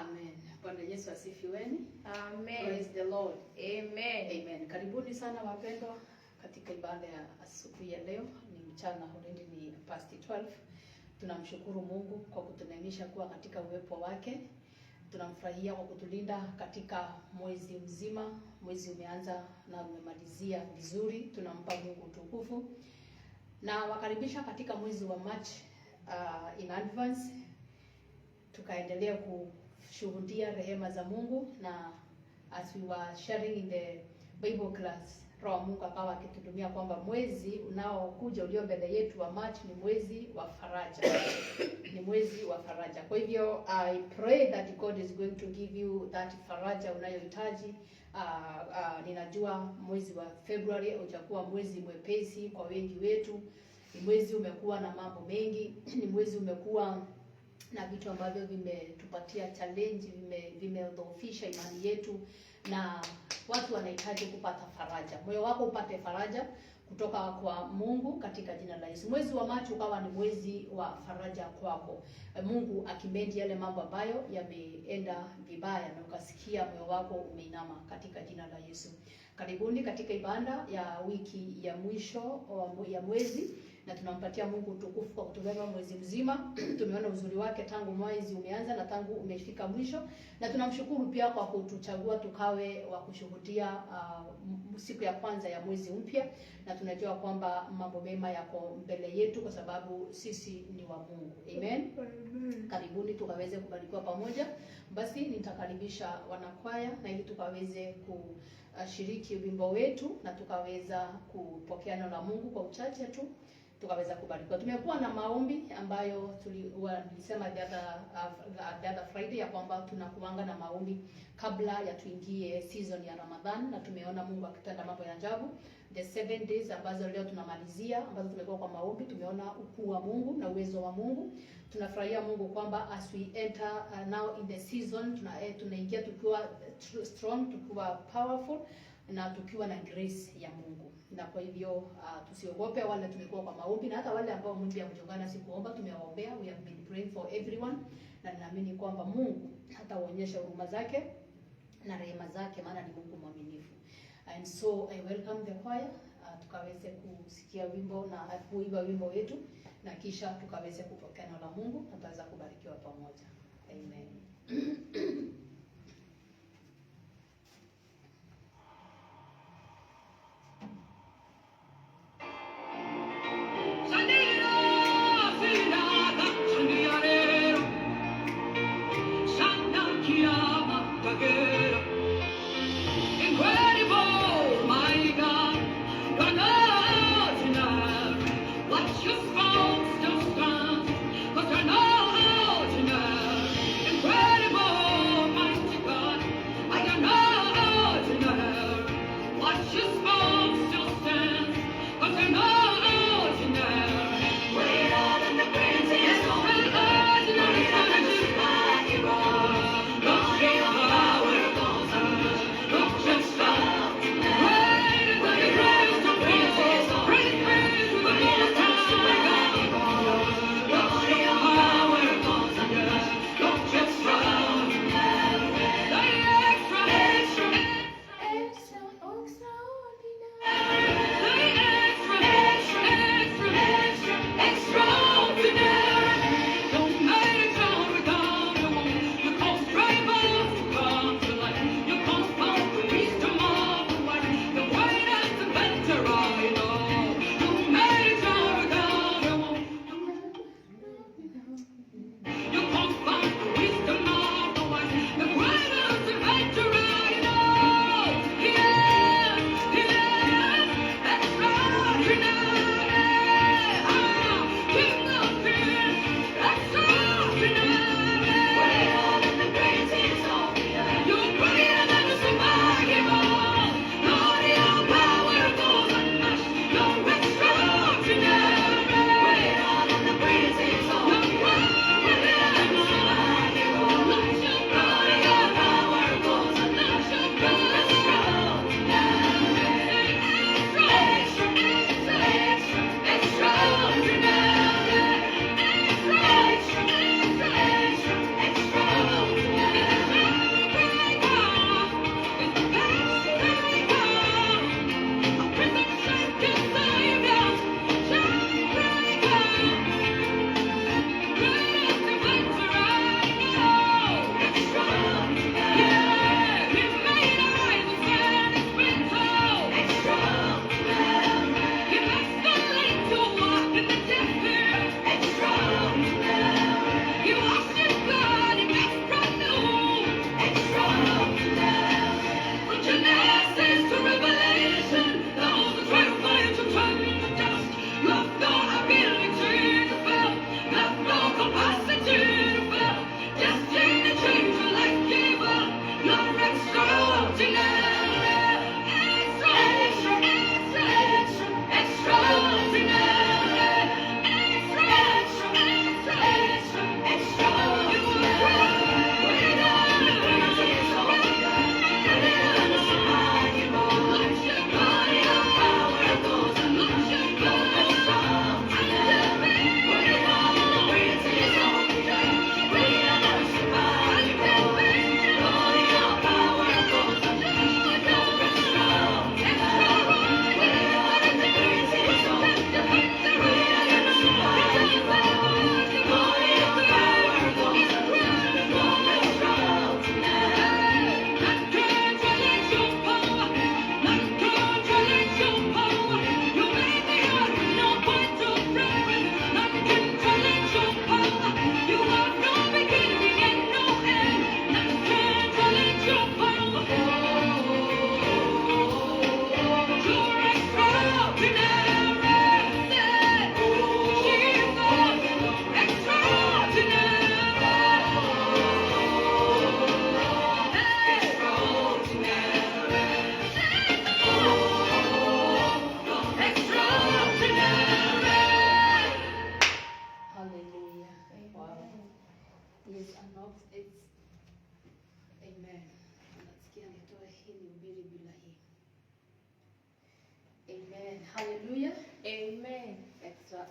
Amen. Bwana Yesu asifiweni. Amen. Praise the Lord. Amen. Amen. Karibuni sana wapendwa katika ibada ya asubuhi ya leo. Ni mchana already ni past 12. Tunamshukuru Mungu kwa kutunainisha kuwa katika uwepo wake. Tunamfurahia kwa kutulinda katika mwezi mzima. Mwezi umeanza na umemalizia vizuri. Tunampa Mungu utukufu. Na wakaribisha katika mwezi wa March uh, in advance tukaendelea ku shuhudia rehema za Mungu, na as we were sharing in the Bible class, Roho wa Mungu akawa akitutumia kwamba mwezi unaokuja ulio mbele yetu wa March ni mwezi wa faraja ni mwezi wa faraja. Kwa hivyo I pray that God is going to give you that faraja unayohitaji. Uh, uh, ninajua mwezi wa February utakuwa mwezi mwepesi kwa wengi wetu. Ni mwezi umekuwa na mambo mengi, ni mwezi umekuwa na vitu ambavyo vimetupatia challenge, vimedhoofisha vime imani yetu, na watu wanahitaji kupata faraja. Moyo wako upate faraja kutoka kwa Mungu katika jina la Yesu. Mwezi wa Machi ukawa ni mwezi wa faraja kwako. Mungu akimendi yale mambo ambayo yameenda vibaya na ukasikia moyo wako umeinama katika jina la Yesu. Karibuni katika ibada ya wiki ya mwisho um, ya mwezi, na tunampatia Mungu utukufu kwa kutuzama mwezi mzima. Tumeona uzuri wake tangu mwezi umeanza na tangu umefika mwisho, na tunamshukuru pia kwa kutuchagua tukawe wa kushuhudia uh, siku ya kwanza ya mwezi mpya, na tunajua kwamba mambo mema yako mbele yetu kwa sababu sisi ni wa Mungu. amen. Karibuni tukaweze kubarikiwa pamoja. Basi nitakaribisha wanakwaya na ili tukaweze ku Uh, shiriki wimbo wetu na tukaweza kupokea neno la Mungu kwa uchache tu tukaweza kubarikiwa. Tumekuwa na maombi ambayo tulisema uh, the other Friday ya kwamba tunakuanga na maombi kabla ya tuingie season ya Ramadhani, na tumeona Mungu akitenda mambo ya ajabu the seven days ambazo leo tunamalizia, ambazo tumekuwa kwa maombi, tumeona ukuu wa Mungu na uwezo wa Mungu. Tunafurahia Mungu kwamba as we enter uh, now in the season tuna, eh, tunaingia tukiwa strong, tukiwa powerful na tukiwa na grace ya Mungu. Na kwa hivyo uh, tusiogope wale tumekuwa kwa maombi na hata wale ambao Mungu amejongana si kuomba, tumewaombea, we have been praying for everyone, na ninaamini kwamba Mungu hataonyesha huruma zake na rehema zake, maana ni Mungu mwaminifu and so I welcome the choir uh, tukaweze kusikia wimbo na kuimba wimbo wetu na kisha tukaweze kupokea neno la Mungu na tutaweza kubarikiwa pamoja. Amen.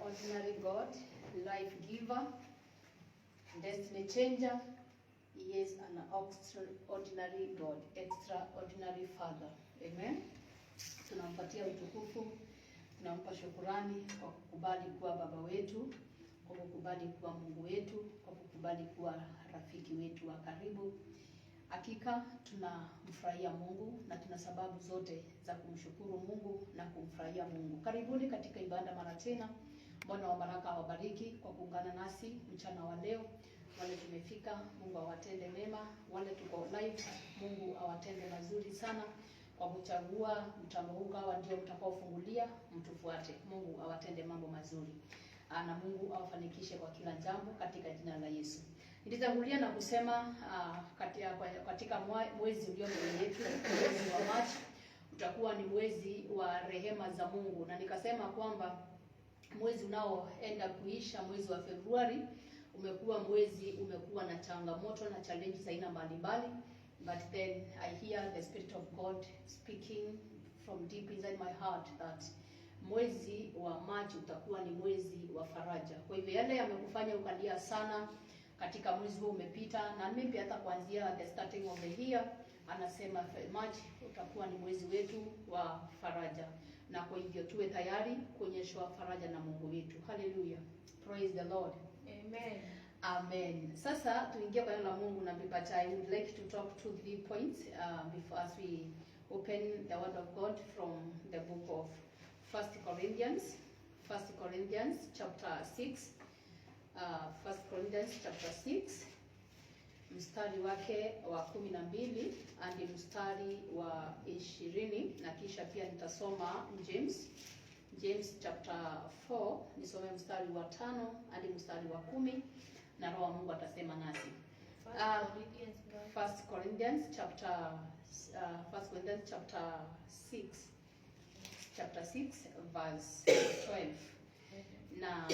extraordinary God, life giver, destiny changer. He is an extraordinary God, extraordinary Father. Amen. Tunampatia utukufu, tunampa shukurani kwa kukubali kuwa baba wetu, kwa kukubali kuwa Mungu wetu, kwa kukubali kuwa rafiki wetu wa karibu. Hakika tunamfurahia Mungu na tuna sababu zote za kumshukuru Mungu na kumfurahia Mungu. Karibuni katika ibada mara tena. Bwana wa baraka awabariki kwa kuungana nasi mchana wa leo. Wale tumefika, Mungu awatende mema. Wale tuko online, Mungu awatende mazuri sana kwa kuchagua mtamauka wa ndio mtakaofungulia, mtufuate. Mungu awatende mambo mazuri ah, na Mungu awafanikishe kwa kila jambo katika jina la Yesu. Nitangulia na kusema ah, katika, katika mwezi ulio mbele yetu, mwezi wa Machi utakuwa ni mwezi wa rehema za Mungu, na nikasema kwamba mwezi unaoenda kuisha, mwezi wa Februari umekuwa mwezi umekuwa na changamoto na challenges aina mbalimbali, but then I hear the spirit of God speaking from deep inside my heart that mwezi wa Machi utakuwa ni mwezi wa faraja. Kwa hivyo yale yamekufanya ukalia sana katika mwezi huu umepita, na maybe hata kuanzia the starting of the year anasema Machi utakuwa ni mwezi wetu wa faraja, na kwa hivyo tuwe tayari kuonyeshwa faraja na Mungu wetu. Haleluya, praise the Lord, amen, amen. Sasa tuingie kwa neno la Mungu na but I would like to talk to three points uh, before as we open the word of God from the book of First Corinthians, First Corinthians chapter 6, uh, First Corinthians chapter 6 mstari wake wa kumi na mbili hadi mstari wa ishirini na kisha pia nitasoma James James chapter 4 nisome mstari wa tano hadi mstari wa kumi na Roho wa Mungu atasema nasi. First ah, Corinthians chapter uh, First Corinthians chapter 6 chapter 6 verse 12 na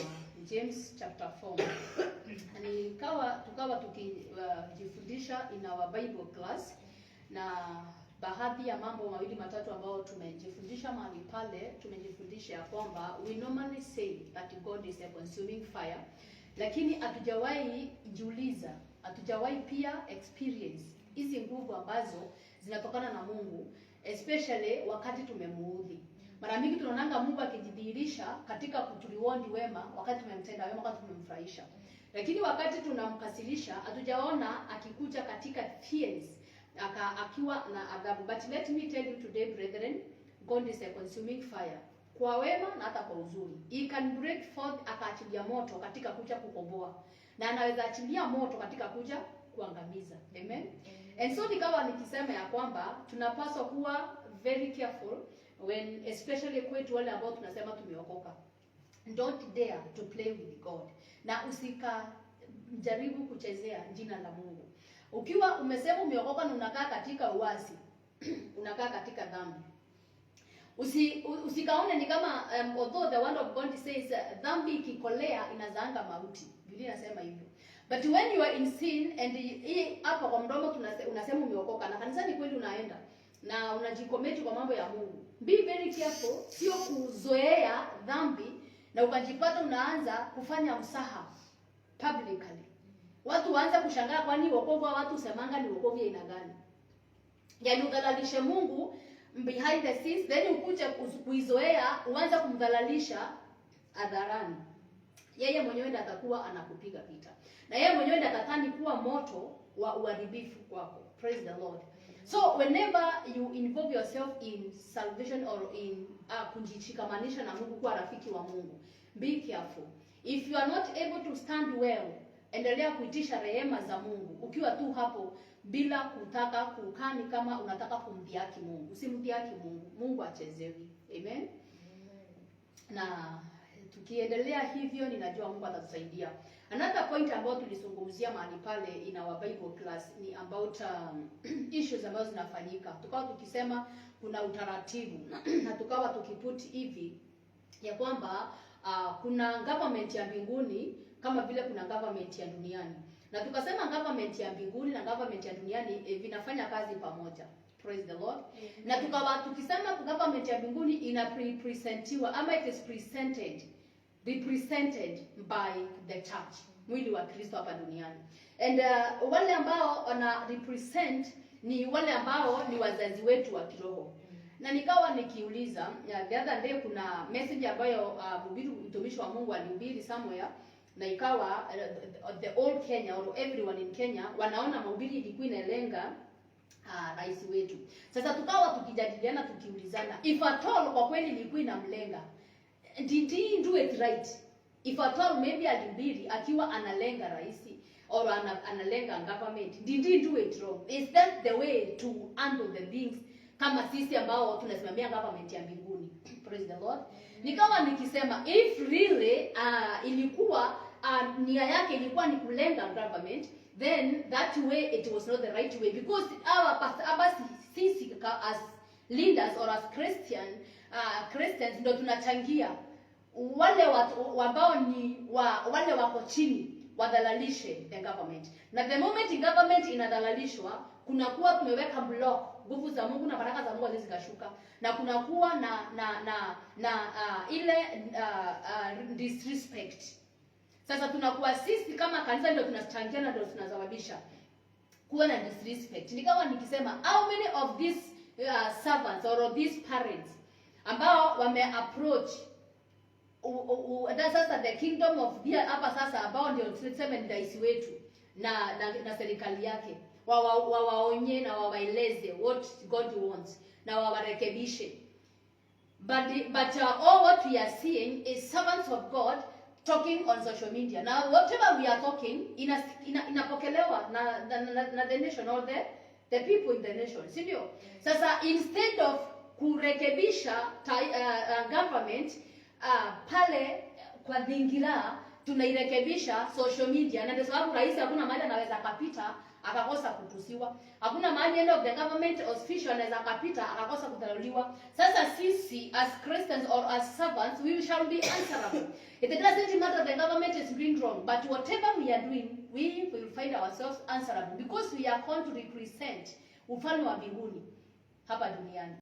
James chapter 4 nikawa tukawa tukijifundisha uh, in our Bible class na baadhi ya mambo mawili matatu ambayo tumejifundisha mahali pale, tumejifundisha kwamba we normally say that God is a consuming fire, lakini hatujawahi jiuliza, hatujawahi pia experience hizi nguvu ambazo zinatokana na Mungu especially wakati tumemuudhi. Mara mingi tunaonanga Mungu akijidhihirisha katika kutuliwondi wema wakati tumemtenda wema, wakati tumemfurahisha, lakini wakati tunamkasirisha hatujaona akikuja katika tears aka akiwa na adhabu. But let me tell you today brethren, God is a consuming fire kwa wema na hata kwa uzuri. He can break forth, akaachilia moto katika kuja kukomboa. na anaweza achilia moto katika kuja kuangamiza. Amen, amen. And so nikawa nikisema ya kwamba tunapaswa kuwa very careful when especially kwetu wale ambao tunasema tumeokoka, don't dare to play with God, na usika jaribu kuchezea jina la Mungu. Ukiwa umesema umeokoka na unakaa katika uasi unakaa katika dhambi, usi usikaone ni kama um, although the word of God says uh, dhambi ikikolea inazaanga mauti. Biblia inasema hivyo. But when you are in sin and hii hapa kwa mdomo tunasema umeokoka na kanisani kweli unaenda na unajikometi kwa mambo ya Mungu be very careful, sio kuzoea dhambi na ukajipata unaanza kufanya msaha publicly. Watu waanza kushangaa, kwani wokovu wa watu semanga ni wokovu aina gani? Yaani udhalalishe Mungu behind the scenes, then ukuje kuizoea uanze kumdhalalisha hadharani. Yeye mwenyewe ndiye atakuwa anakupiga vita, na yeye mwenyewe ndiye atatani kuwa moto wa uharibifu kwako. Praise the Lord. So whenever you involve yourself in salvation or in uh, kujishikamanisha na Mungu, kuwa rafiki wa Mungu, be careful. If you are not able to stand well, endelea kuitisha rehema za Mungu ukiwa tu hapo bila kutaka kukani, kama unataka kumdhiaki Mungu, usimdhiaki Mungu. Mungu achezewi. Amen? Amen. Na tukiendelea hivyo, ninajua Mungu atatusaidia. Another point ambayo tulizungumzia mahali pale in our Bible class ni about um, issues ambazo zinafanyika. Tukawa tukisema kuna utaratibu na tukawa tukiput hivi ya kwamba uh, kuna government ya mbinguni kama vile kuna government ya duniani, na tukasema government ya mbinguni na government ya duniani eh, vinafanya kazi pamoja. Praise the Lord. Mm -hmm. Na tukawa tukisema government ya mbinguni ina pre presentiwa ama it is presented represented by the church, mwili wa Kristo hapa duniani. And uh, wale ambao wana represent ni wale ambao ni wazazi wetu wa kiroho na nikawa nikiuliza the other day, kuna message ambayo uh, mhubiri mtumishi wa Mungu alihubiri somewhere, na ikawa uh, the all Kenya or everyone in Kenya wanaona mahubiri ilikuwa inalenga uh, rais wetu. Sasa tukawa tukijadiliana tukiulizana, if at all, kwa kweli ilikuwa inamlenga did he do it right? If at all maybe alibiri akiwa analenga raisi or ana, analenga government, did he do it wrong? Is that the way to handle the things? Kama sisi ambao tunasimamia government ya mbinguni, praise the Lord. Nikawa nikisema if really uh, ilikuwa uh, nia yake ilikuwa ni kulenga government then that way it was not the right way because our pastor sisi as leaders or as Christian uh, Christians ndo tunachangia wale watu ambao ni wa, wale wako chini wadhalalishe the government, na the moment government inadhalalishwa, kunakuwa tumeweka block nguvu za Mungu na baraka za Mungu zikashuka na kunakuwa na na na, na uh, ile uh, uh, disrespect. Sasa tunakuwa sisi kama kanisa ndio tunachangia na ndio tunasababisha kuwa na disrespect. kama nikisema how many of these uh, servants or of these parents ambao wame approach hata sasa the kingdom of here hapa sasa, ambao ndio tuseme ni rais wetu na, na na serikali yake wawaonye na wawaeleze what God wants na wawarekebishe but but uh, all what we are seeing is servants of God talking on social media na whatever we are talking ina, ina, inapokelewa na, na, na, na the nation or the, the people in the nation si ndio? Sasa instead of kurekebisha uh, uh, government uh, pale kwa dhingira tunairekebisha social media, na ndio sababu rais hakuna mahali anaweza akapita akakosa kutusiwa. Hakuna mahali end of the government official anaweza akapita akakosa kudharauliwa. Sasa sisi as Christians or as servants we shall be answerable. It doesn't matter the government is doing wrong, but whatever we are doing we will find ourselves answerable because we are going to represent ufalme wa mbinguni hapa duniani.